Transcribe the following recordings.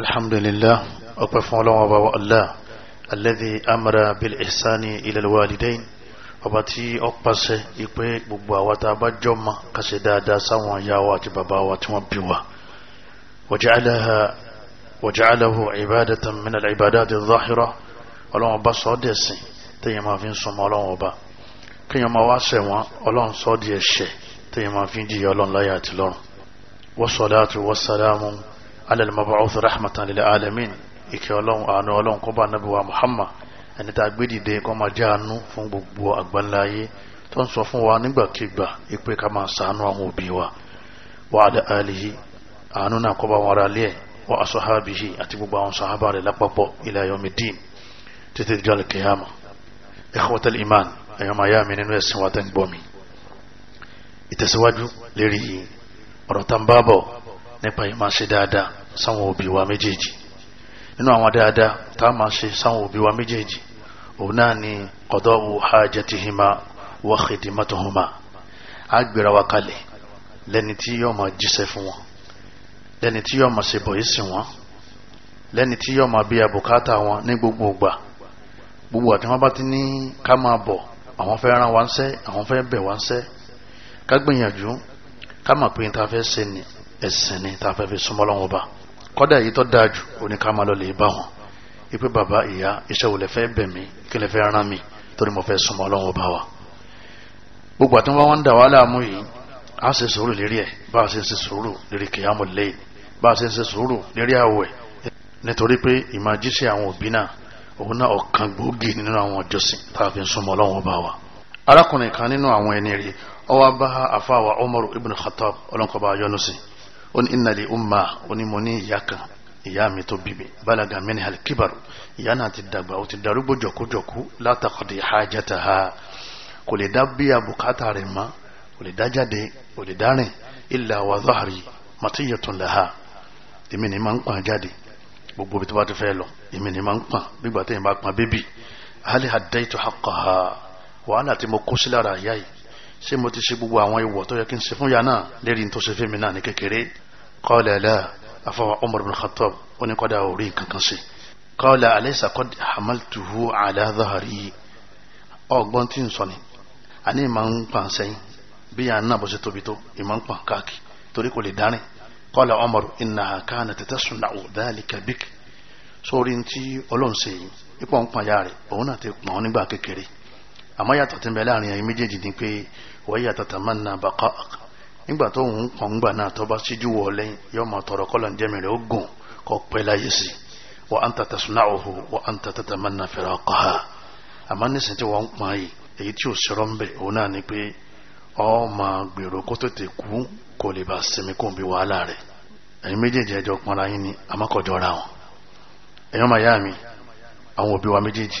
alhamdulillah ọpẹ́ fún ọlọ́wọ́ ọba allah alladhi amara bil ihsani ila alwalidain ọba tí ó pàṣẹ ìpé gbogbo àwa tá a bá jọ ma ká ṣe dáadáa sáwọn ìyá àti bàbá wa tí wọ́n bí wa ibadatan min al-ibadati ọlọ́wọ́ ọba sọ ọ́ dẹ̀ sìn fi ń súnmọ́ ọlọ́wọ́ على المبعوث رحمة للعالمين ìkẹ́ ọlọ́run àánú ọlọ́run kó bá nábì wa Muhammad ẹni tá a gbé dìde kó máa jẹ́ àánú fún gbogbo àgbáńlá ayé tó ń sọ fún wa nígbàkigbà ìpè ká máa sàánú àwọn òbí wa wa ala alihi àánú náà kó bá wọn ara lé ẹ̀ wa ashabihi àti gbogbo àwọn sàhábà rẹ̀ lápapọ̀ ila yawmiddin títí ìjọ al-qiyama ikhwatal iman ẹ̀yọ́ máa yá mi nínú ẹ̀sìn wa tẹ́ gbọ́ mi ìtẹ̀síwájú lérí ọ̀rọ̀ tá ń bá bọ̀ nípa ìmáṣe dáadáa sáwọn òbí wa méjèèjì nínú àwọn dáadáa tá a máa ṣe sáwọn òbí wa méjèèjì òun náà ni qada'u hajatihima wa khidmatuhuma á gbéra wa kalẹ̀ lẹ́ni tí yóò máa jíṣẹ́ fún wọn lẹ́ni tí yóò máa ṣe bọ̀yì sí wọn lẹ́ni tí yóò máa bí àbùkátà wọn ní gbogbo ìgbà gbogbo àti wọn bá ti ní ká máa bọ̀ àwọn fẹ́ rán wa ń sẹ́ àwọn fẹ́ bẹ̀ wa ń sẹ́ ká gbìyànjú ká mọ̀ pé ní ta fẹ́ ṣe ni ẹ̀sìn ni ta fẹ́ fi súnmọ́ lọ́wọ́ bá kọ́dà èyí tó dáa jù òní ká máa lọ lè bá wọn ipe bàbá ìyá iṣẹ́ òlẹ̀ fẹ́ bẹ̀ mí kí lè fẹ́ rán mi torí mo fẹ́ súnmọ́ ọlọ́run ọba wa gbogbo àti wọn ń dà wá láàmú yìí a ṣe sùúrù lérí ẹ̀ bá a ṣe ṣe sùúrù lérí kìyàmù lẹ́yìn bá a ṣe ṣe sùúrù lérí àwẹ̀ nítorí pé ìmájíṣẹ́ àwọn òbí náà òun náà ọ̀kan gbòógì nínú àwọn ọjọ́sìn tá a fi ń súnmọ́ ọlọ́run ọba wa arákùnrin kan nínú àwọn ẹni rí ó wá bá àfáwà Umar ibn Khattab ọlọ́nkọba yọ́nú sí ó ní ìnàlẹ̀ umma ó ní mo ní ìyá kan ìyá mi tó bíbí balaga mini alkibaru ìyá náà ti dàgbà ó ti darúgbó jọkújọkú látàkọ̀dé hajjata ha kò lè dá bí abùkátà rẹ̀ mọ́ kò lè dá jáde kò lè dárìn illa wa zahari matiyatun laha èmi ni máa ń pọn jáde gbogbo ibi tó bá ti fẹ́ lọ èmi ni máa ń pọn gbígbà tẹ́yìn bá pọn bébì hali hadaitu haqqaha wàhálà tí mo kó sí lára ìyá yìí ṣé mo ti ṣe gbogbo àwọn ìwọ̀ tó yẹ kí n ṣe fún ya náà lérí tó ṣe fẹ́mi náà ní kékeré qala la afọwọ́ Umar bin Khattab ó ní kọ́dà orí nǹkan kan ṣe qala alaysa qad hamaltuhu ala dhahri ọgbọ́n tí ń sọ ni àní ìmọ̀ ń pa sẹ́yìn bí yàn náà bó ṣe tóbi tó ìmọ̀ ń pa káàkiri torí kò lè dárìn qala Umar innaha kanat tasna'u dhalika náà ti pọ̀ àmọ́ yàtọ̀ tí ń bẹ láàrin ẹ̀yin méjèèjì ni pé wọ́n yàtọ̀ tà máa ń na nígbà tó ń pọ̀n gbà náà tó bá síjú wọ̀ lẹ́yìn yóò máa tọrọ kọ́lọ̀ ń jẹ́mi ó wa an tasna'uhu wa anta tatamanna ha àmọ́ nísìnyí tí wọ́n ń yìí èyí tí ò sọ̀rọ̀ ń bẹ̀ òun ni pé ọ máa gbèrò kó tètè kú kó lè bá sinmi kó wàhálà rẹ̀ ni àmọ́kọ̀jọ́ ra wọn mi àwọn òbí wa méjèèjì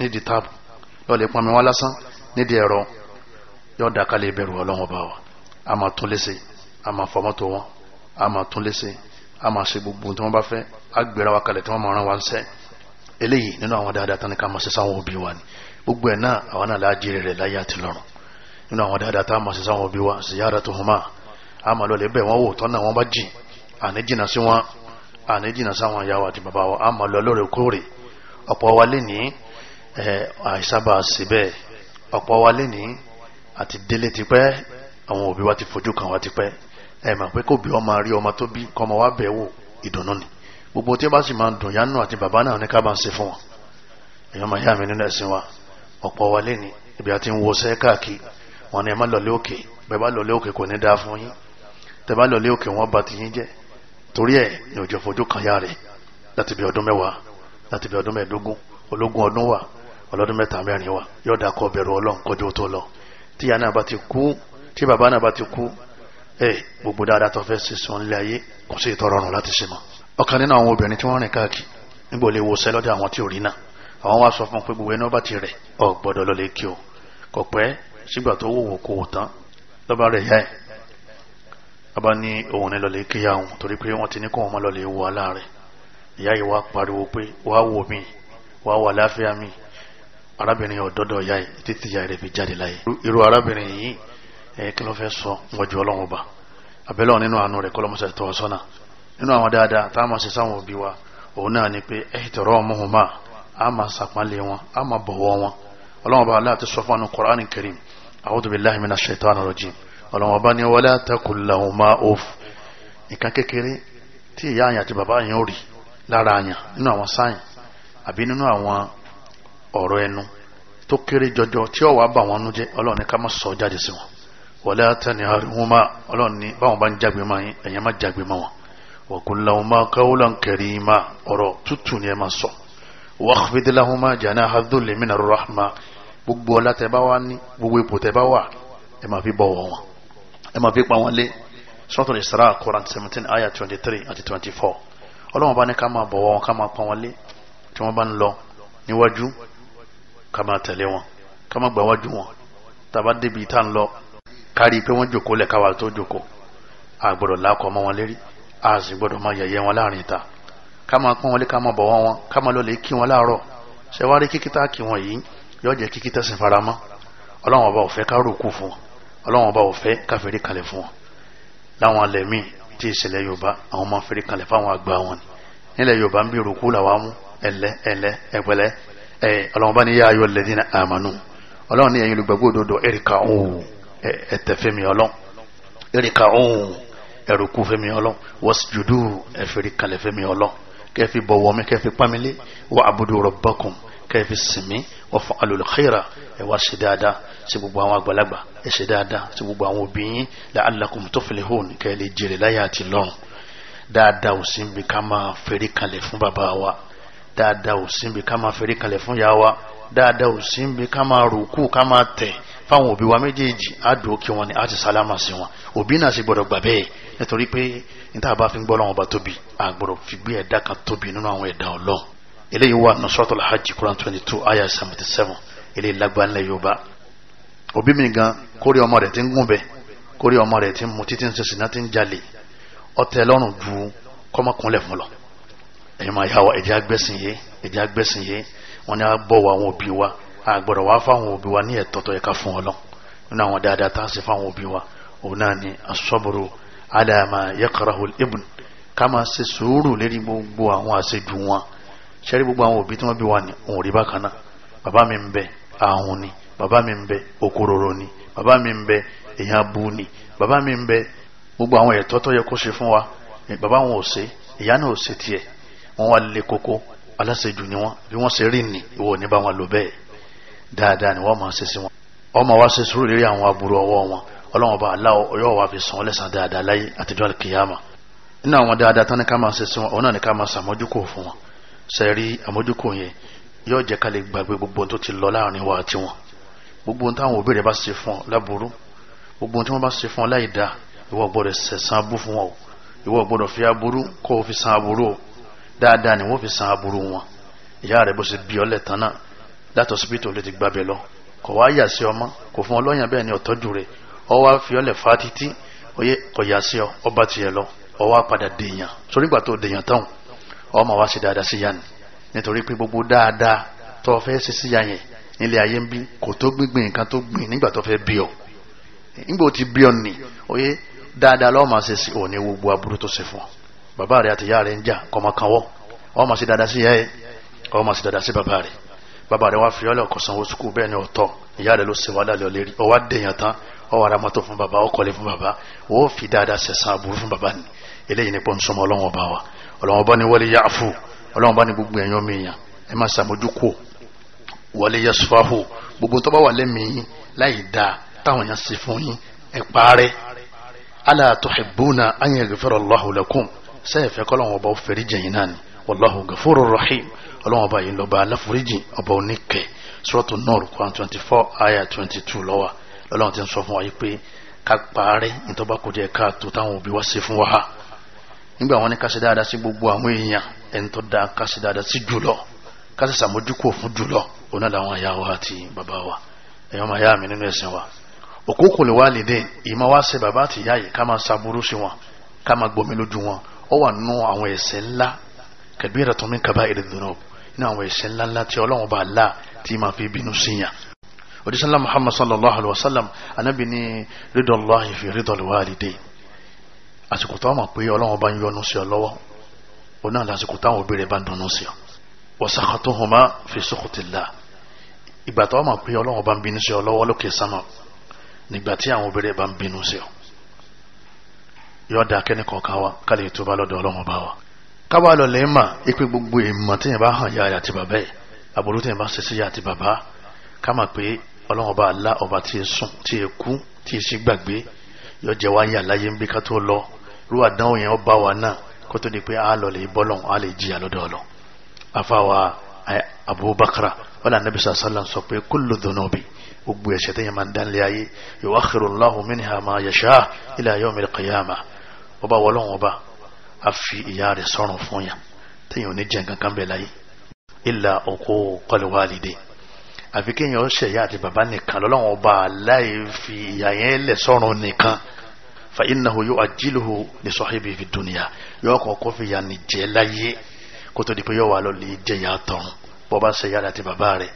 nídìí táàbù lọ́ọ̀lẹ̀ pọnmi wá lásán nídìí ẹ̀rọ yóò dàkálẹ̀ ìbẹ̀rù ọlọ́wọ́n bá wa a máa tún léṣe a máa fọmọ́tò wọn a máa tún léṣe a máa ṣe gbogbo tí wọ́n bá fẹ́ a gbéra wa kalẹ̀ tí wọ́n máa rán wa ṣẹ́ eléyìí nínú àwọn dáadáa tán ni ká máa ṣe sáwọn òbí wa ni gbogbo ẹ̀ náà àwọn náà láàjì rẹ̀ láyé àti lọ́run nínú àwọn dáadáa tá a máa ṣe sáwọn òbí wa ziyaratuhuma a máa lọ lè bẹ̀ wọ́n wò tọ́nà wọn bá jìn àní jìnnà sí wọn àní jìnnà sáwọn ìyá wa àti bàbá wa a máa lọ lóòrèkóòrè ọ̀pọ̀ wa lé ní àìsábà síbẹ̀ ọ̀pọ̀ wa lè ní àti délé ti pẹ́ àwọn òbí wa ti fojú kan wa ti pẹ́ ẹ mà pé kò bí ọmọ rí ọmọ tó bí kọ́mọ wa bẹ̀ wò ìdùnnú ni gbogbo tí ó bá sì máa ń dùn yánú àti bàbá náà ní ká bá ń ṣe fún wọn èèyàn máa yá mi nínú ẹ̀sìn wa ọ̀pọ̀ wa lè ní ibi àti ń wo sẹ́ káàkiri wọn ni ẹ má lọlé òkè bẹ́ẹ̀ bá lọlé òkè kò ní dáa fún yín tẹ́ bá lọlé òkè wọn bá ti yín jẹ́ torí ẹ̀ ní òjò fojú kan yá rẹ̀ láti bí ọdún mẹ́wàá láti bí ọdún mẹ́ẹ̀ẹ́dógún ológun ọdún wà ọlọ́dún mẹ́ta mẹ́rin wa yóò dà kọ́ bẹ̀rù ọlọ́run kọjú tó lọ tí ìyá náà bá ti kú tí bàbá náà bá ti kú ẹ gbogbo dáadáa tó fẹ́ ṣe sùn nílé ayé kò sí ìtọ́ rọrùn láti ṣe mọ́. ọ̀kan nínú àwọn obìnrin tí wọ́n rìn káàkiri nígbà olè wo sẹ́lọ́dẹ̀ àwọn tí ò rí náà àwọn wá sọ fún pé gbogbo ẹni ọba ti rẹ̀ ọ gbọ́dọ̀ lọ lè kí o kò pẹ́ sígbà tó wòwò kò wò tán lọ́ba rẹ̀ yá ẹ̀ lọ́ba ní òun ní lọ kí ya torí pé wọ́n ti ní kó wọn mọ́ lọ aláàrẹ̀ ìyá yìí wá pariwo pé wàá wò mí wàá wà láfíà míì arábìnrin ọ̀dọ́dọ̀ ya yìí títí ya rẹ̀ fi jáde láyé irú arábìnrin yìí ẹ̀ kí ló fẹ́ sọ wọ́jú ọlọ́run ọba abẹ́lẹ́ nínú àánú rẹ̀ kọ́lọ́mọṣẹ́ tó wá sọ́nà nínú àwọn dáadáa tá a máa ṣe sáwọn òbí wa òun náà ni pé ẹ̀ tẹ̀rọ ọmọhùnmá a máa sàpánlé wọn a máa bọ̀wọ̀ wọn ọlọ́run ọba aláàtí sọ fún Qur'an Karim a'udhu billahi minash shaitanir rajim ọlọ́run ọba ni wala taqul lahuma uff nǹkan kékeré tí ìyá àyàn àti bàbá àyàn ò rí lára àyàn nínú àwọn àbí nínú àwọn ọ̀rọ̀ ẹnu tó kéré jọjọ tí ọwọ́ bá wọn nú jẹ́ ọlọ́run ní ká má sọ jáde sí wọn wọlé àtẹni àríwúmá ọlọ́run ní báwọn bá ń jágbe máa yín ẹ̀yẹn má jágbe máa wọn wọ̀kúnláwọn máa káwọ́lá ń kẹrí má ọ̀rọ̀ tútù ni ẹ máa sọ wàhfidìláwọn máa jàná àdúlẹ̀ mí nàrọ̀ rahma gbogbo ọlá tẹ bá wà ní gbogbo ipò tẹ bá wà ẹ máa fi bọ̀wọ̀ wọn ẹ máa fi pa wọn lé sọ́tọ̀ ìsra Quran seventeen ayah twenty three àti twenty four ọlọ́run bá ní ká máa bọ̀wọ̀ wọn ká máa pa wọn lé tí wọ́n bá ń lọ níwájú Kama máa tẹ̀lé wọn ká máa gbà wájú wọn tàbá débi tá ń lọ kárí pé wọ́n jòkó lẹ̀ káwa tó jòkó a gbọ́dọ̀ lákọ̀ mọ́ wọn lérí a sì gbọ́dọ̀ máa yẹ̀yẹ́ wọn láàrin ìta ká máa pọ́n wọlé ká máa bọ̀ wọ́n wọn ká máa lọ lè kí wọn láàárọ̀ ṣe wá rí kíkítà kí wọn yìí yóò jẹ́ kíkítà sì fara mọ́ ọlọ́run ọba ò ká rò kú fún wọn ọlọ́run ọba ò ká fẹ́rí kalẹ̀ fún wọn láwọn alẹ́ míì tí ìṣẹ̀lẹ̀ yorùbá àwọn máa fẹ́rí kalẹ̀ fáwọn àgbà wọn nílẹ̀ yorùbá ń bí rò làwọn mú ẹ̀lẹ́ ẹ̀lẹ́ ẹ̀pẹ̀lẹ́ ẹ ọlọ́run bá ní yá ayọ̀ lẹ́dínà àmánú ọlọ́run ní ẹ̀yin olùgbàgbọ́ òdodo ẹ̀ríkà òun ẹ̀tẹ̀ fẹ́mi ọlọ́run ẹ̀ríkà òun ẹ̀rùkú fẹ́mi ọlọ́run wasjudu ẹ̀fẹ̀rí kalẹ̀ fẹ́mi ọlọ́run kẹ́ẹ̀fì bọ̀wọ̀ mi kẹ́ẹ̀fì wà abudu rabbakum kẹ́ẹ̀fì sinmi wà fún alùlùkẹ́ra ẹ̀ wá ṣe dáadáa sí gbogbo àwọn àgbàlagbà ẹ̀ ṣe dáadáa sí gbogbo àwọn òbí yín la'allakum tuflihun kẹ́ẹ̀ lè jèrè láyé àti lọ́run dáadáa ò sí bí ká máa fẹ́rí kalẹ̀ fún bàbá wa dáadáa ò sí níbi ká máa fẹ́rí kalẹ̀ fún yàrá wa dáadáa ò sí níbi ká máa rùkú ká máa fáwọn òbí wa méjèèjì á dùn kí wọn ni á ti sálámà sí wọn òbí náà sì gbọdọ̀ gbà bẹ́ẹ̀ nítorí pé níta bá fi ń gbọ́ lọ́wọ́ bá tóbi a gbọdọ̀ fi gbé ẹ̀dá kan tóbi nínú àwọn ẹ̀dá ọlọ́ eléyìí wà ní suratul hajj quran twenty two ayah seventy seven eléyìí lágbá ńlẹ̀ yorùbá òbí mi gan kórè ọmọ rẹ̀ ti ń gún bẹ̀ kórè ọmọ rẹ̀ ti ń mutí ti ń ṣe sìná ti ń jalè ọtẹ lọ́rùn ju kọ́mọkúnlẹ̀ fún lọ ẹ̀yin máa yá wa ẹ̀jẹ̀ agbẹ́sìn yé ẹ̀jẹ̀ agbẹ́sìn yé wọ́n ní abọ́ wa àwọn òbí wa àgbọ̀dọ̀ wá fáwọn òbí wa ní ẹ̀tọ́ tó yẹ ká fún ọlọ́ nínú àwọn dáadáa tá a sì fáwọn òbí wa òun náà ni asọ́bùrù alàmà yẹkọrọ̀hùn ibùn ká máa ṣe sùúrù lérí gbogbo àwọn àṣejù wọn ṣẹ́rí gbogbo àwọn òbí tí wọ́n bí wa ní òun rí bákan náà bàbá mi ń bẹ ààhùn ni bàbá mi ń bẹ òkòròrò ìyá náà ò ṣe tiẹ̀ wọn wá koko aláṣejù ni wọn bí wọn ṣe rí ni ìwọ ní bá wọn lò bẹ́ẹ̀ dáadáa ni wọn máa ṣe sí wọn ọmọ wa ṣe sùúrù lérí àwọn aburú ọwọ́ wọn ọlọ́wọ́n bá aláwọ̀ ọyọ́ wa fi sàn ọ́ lẹ́sàn dáadáa láyé àti dọ́ọ̀lù kìyàmà nínú àwọn dáadáa tán ní ká máa ṣe sí wọn òun náà ní ká máa ṣàmójúkò fún wọn ṣe rí àmójúkò yẹn yóò jẹ́ ká lè gbàgbé gbogbo tó ti lọ láàrin wa àti wọn gbogbo táwọn òbí bá ṣe fún ọ láburú gbogbo tí wọ́n bá ṣe fún ọ láì dáa ìwọ gbọ́dọ̀ sẹ̀san abú fún ọ ìwọ gbọ́dọ̀ fi aburú kó o fi san aburú o dáadáa ni wọ́n fi san aburú wọn ìyá rẹ̀ bó ṣe bí ọ lẹ́tàn náà láti hospital ló ti gbàbẹ̀ lọ kò wá yà sí ọmọ kò fún ọlọ́yàn bẹ́ẹ̀ ni ọ̀tọ́jú rẹ̀ ọ wá fi ọlẹ̀ fa títí oyè kò yà sí ọ ọba tiẹ̀ lọ ọ wá padà dèèyàn tó dèèyàn tán ọmọ wa ṣe dáadáa sí yanni nítorí gbogbo dáadáa tó fẹ́ ṣe sí nílé ayé ń bí kò tó gbígbìn nǹkan tó gbìn nígbà tó fẹ́ bí ọ nígbà bí ọ oyè dáadáa lọ́ọ́ máa ṣe sí òní gbogbo aburú tó ṣe fún ọ bàbá rẹ wọ́n máa ṣe dáadáa sí yẹ́ wọ́n máa ṣe dáadáa sí bàbá rẹ̀ bàbá rẹ̀ wá fi ọlẹ́ ọkọ̀ sanwó sukú bẹ́ẹ̀ ni ọ̀tọ̀ ìyá rẹ̀ ló ṣe wá dálẹ̀ ọ̀lẹ́rí ọwá dèèyàn tán ọwọ́ ara mọ́tò fún bàbá ọkọ̀lẹ̀ fún bàbá ó fi dáadáa sẹ̀sán aburú fún bàbá ni eléyìí ni pọ́n sọmọ ọlọ́wọ́n ọba wa ọlọ́wọ́n bá ní wọlé yá àfù ọlọ́wọ́n bá ní gbogbo ẹ̀yàn ọmọ èèyàn ẹ má ṣàmójúkò wọlé yá sùfàhù gbogbo tó bá wà lẹ́mìí láì dáa táwọn èèyàn sì fún yín ẹ parẹ́ alá tuhibbuna an yaghfira Allahu lakum sẹ́ẹ̀fẹ́ kọ́lọ́wọ́n ọba ó fẹ́rí jẹ̀yìn náà ni wallahu gafurur rahim ọlọ́wọ́n ọba yìí lọ́ba aláforíjì ọba oníkẹ́ suratu Nur Quran twenty four ayah twenty two lọ́wọ́ lọ́lọ́wọ́n ti sọ fún wa yìí pé ká parẹ́ ìtọ́ba kò jẹ́ ká tó táwọn òbí wa ṣe fún wa nígbà wọn ní ká ṣe dáadáa sí gbogbo àwọn èèyàn ẹni tó dáa ká ṣe dáadáa sí jùlọ ká sì ṣàmójúkò fún jùlọ òun náà làwọn ìyá àti bàbá wa ẹ̀yọ́ máa yá mi nínú ẹ̀sìn wa òkú lè wá lédè ìmọ̀ wá ṣe bàbá àti ìyá yìí ká máa ṣàbúrú sí wọn ká máa gbomi lójú wọn ó wà nínú àwọn ẹ̀ṣẹ̀ ńlá kabiratun min kaba'iri dhunub ní àwọn ẹ̀ṣẹ̀ ńláńlá tí ọlọ́run bá là tí máa fi bínú síyàn òdísánlá muhammad sallallahu alaihi wasallam anábì ní rídọ̀lọ́hì fi rídọ̀lọ́wàlìdè àsìkò tó mọ̀ pé ọlọ́run bá ń yọ́nú sí ọ lọ́wọ́ ó náà lásìkò táwọn òbí rẹ̀ bá ń dùnú sí ọ wọ́sàkà tó hùmá fi sọ́kùtìlá ìgbà tó mọ̀ pé ọlọ́run bá ń bínú sí ọ lọ́wọ́ lókè sánmà nígbà tí àwọn òbí rẹ̀ bá ń bínú sí ọ yọ̀ọ́dà kẹ́nìkọ̀ọ̀kan wa kálí ètò wa kábà lọ lè mà ipe gbogbo ìmọ̀ tí yẹn bá hàn yára àti bàbá ẹ̀ àbúrò tí yẹn bá ṣe sí yá àti bàbá ká mà pé ọlọ́run ọba àlá ọba tí yẹn sùn tí yẹn kú tí yẹn sì gbàgbé yọ jẹ́ wáyé àláyé ń bí ká tó lọ rú àdánwò yẹn ọba wa náà kó tó di pé a lọ lè a lè jìyà lọ́dọ̀ ọlọ afáwa abubakar wala anabi sallam sọ pé kullu dhunubi gbogbo ẹ̀ṣẹ̀ tí yẹn máa ń dánilé ayé yuakhiru Allahu minha ma yasha ila yawmil qiyamah ọba wọlọ́run ọba a fi ìyá rẹ̀ sọ́rùn fún yàn téèyàn ò ní jẹ́ nǹkan kan bẹ̀ láyé ìlà òkú kọlùwálìdè àfi kéèyàn ó ṣe ìyá àti bàbá nìkan lọ́lọ́wọ́n ọba láì fi ìyá yẹn lẹ̀ sọ́rùn nìkan fa innahu yu'ajjiluhu li sahibihi fi dunya yóò kọ́kọ́ fi ìyá ni jẹ́ láyé kó tó di pé yóò wà lọ lè jẹ́ ìyá tọ̀run bọ́ bá ṣe ìyá àti bàbá rẹ̀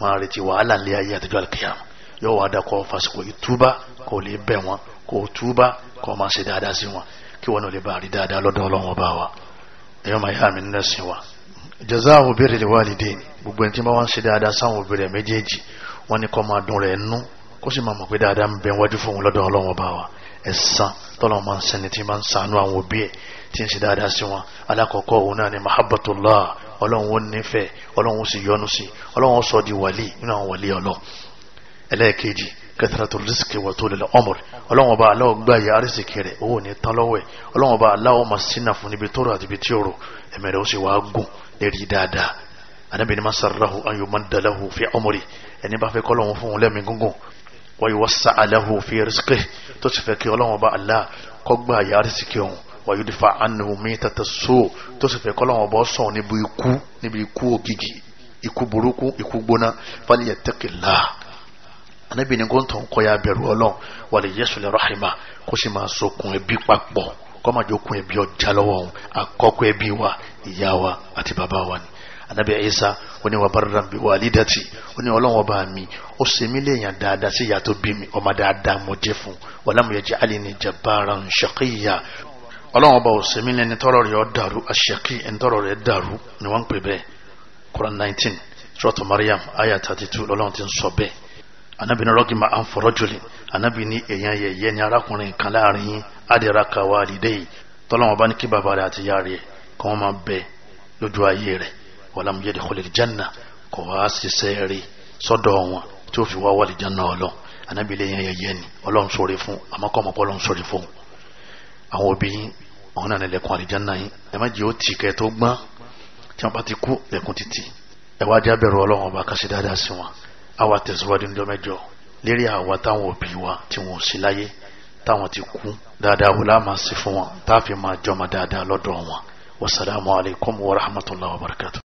máa retí wàhálà lé ayé àtijọ́ àlùkìyàmù yóò wá dákọ̀ fásikò ìtúbà kò lè bẹ̀ wọn kò túbà kò máa ṣe dáadáa sí wọn kí wọn ò lè bá rí dáadáa lọ́dọ̀ ọlọ́run ọba wa ẹ̀yọ́ máa yá mi nínú ẹ̀sìn wa jazahu birril walidain gbogbo ẹni tí wọ́n wá ń ṣe dáadáa sáwọn òbí rẹ̀ méjèèjì wọ́n ní kọ́ máa dùn rẹ̀ nú kó sì máa mọ̀ pé dáadáa ń bẹ wájú fún lọ́dọ̀ ọlọ́run ọba wa ẹ̀san tọ́lọ́run máa ń sẹ́ni tí máa ń sànú àwọn òbí ẹ̀ tí ń ṣe dáadáa sí wọn alákọ̀ọ́kọ́ òun náà ni mahabbatullah ọlọ́run ó nífẹ̀ẹ́ ọlọ́run ó sì yọ́nú sí ọlọ́run ó sọ di wàlí nínú àwọn wàlí ọlọ́ ẹlẹ́ẹ̀kejì kẹsàtò rìsíkì wà tó lélẹ̀ ọmọ rẹ̀ ọlọ́wọ́n bá aláwọ̀ gbá ya arísìkì rẹ̀ owó ní tán lọ́wọ́ ẹ̀ ọlọ́wọ́n bá aláwọ̀ máa sínà fún níbi tóró àti ibi tí ó rò ẹ̀mẹ̀ rẹ̀ ó sì wá gùn lérí dáadáa anábì ní masarahu ayò máa dalahu fi ọmọ rẹ̀ ẹni bá fẹ́ kọ́lọ́wọ́n fún un lẹ́mí gúngùn wáyé wá sa aláhu fi rìsíkì tó ti fẹ́ kí ọlọ́wọ́n bá alá kọ́ gbá ya arísìkì ọ̀hún wàyí dífà ánìmù mi tata so tó sì fẹ́ kọ́lọ́wọ́n bọ́ sọ̀rọ̀ níbi ikú níbi ikú ògìgì ikú burúkú ikú gbóná fáliyẹ̀ tẹ́kìlá anabi ni kóńtò ń kọ́ya bẹ̀rù ọlọ́run wàlẹ̀ yẹsù lè rahima kó sì máa sokun ẹbí papọ̀ kó máa jókun ẹbí ọjà lọ́wọ́ òun àkọ́kọ́ ẹbí wa ìyá wa àti bàbá wa ni anabi Isa ó ní wa barran bi walidati ó ní ọlọ́run ọba mi ó ṣe mí léèyàn dáadáa sí ìyá tó bí mi ọmọ dáadáa mo jẹ́ fún walam yaj'alni jabbaran shaqiyya ọlọ́run ọba ò ṣe mí lẹ́ni tọ́rọ̀ rẹ̀ ọ́ dàrú aṣèkí ẹni tọ́rọ̀ rẹ̀ dàrú ni wọ́n ń pè bẹ́ẹ̀ Quran 19 Suratu Maryam ayah 32 lọ́lọ́run ti ń sọ anabi ní rọ́gìmà àǹfọ̀rọ́jùlì anabi ní èèyàn yẹ̀yẹ́ ní arákùnrin kan láàrin yín adìraka wa àlìdé yìí tọ́lọ́wọ́n bá ní kí bàbá rẹ̀ àti ìyá rẹ̀ kí wọ́n máa bẹ lójú ayé rẹ̀ wàlám yadkhulil janna kò wá ṣiṣẹ́ rí sọ́dọ̀ wọn tí ó fi wá wà lìjánná ọlọ́run anabi lè yẹn yẹ̀yẹ́ ni ọlọ́run sọ̀rọ̀ fún àmọ́kọ́mọ́ pọ́ ọlọ́run sọ̀rọ̀ fún àwọn òbí yín àwọn náà nílẹ̀kùn àlìjánná ẹ má jẹ́ ó tì kẹ́ tó gbọ́n tí wọ́n bá ti kú lẹ́kùn títì ẹ wá jábẹ̀rù ọlọ́run ọba kásí dáadáa sí wọn àwa tẹ̀síwájú ńjọ́ mẹ́jọ lérí àwa táwọn òbí wa tí wọn ò sí láyé táwọn ti kú dáadáa wò láà máa ṣe fún wọn táàfin máa jọmọ dáadáa lọ́dọ̀ wọn wasalaamualeykum wa rahmatulahi wa barakatu.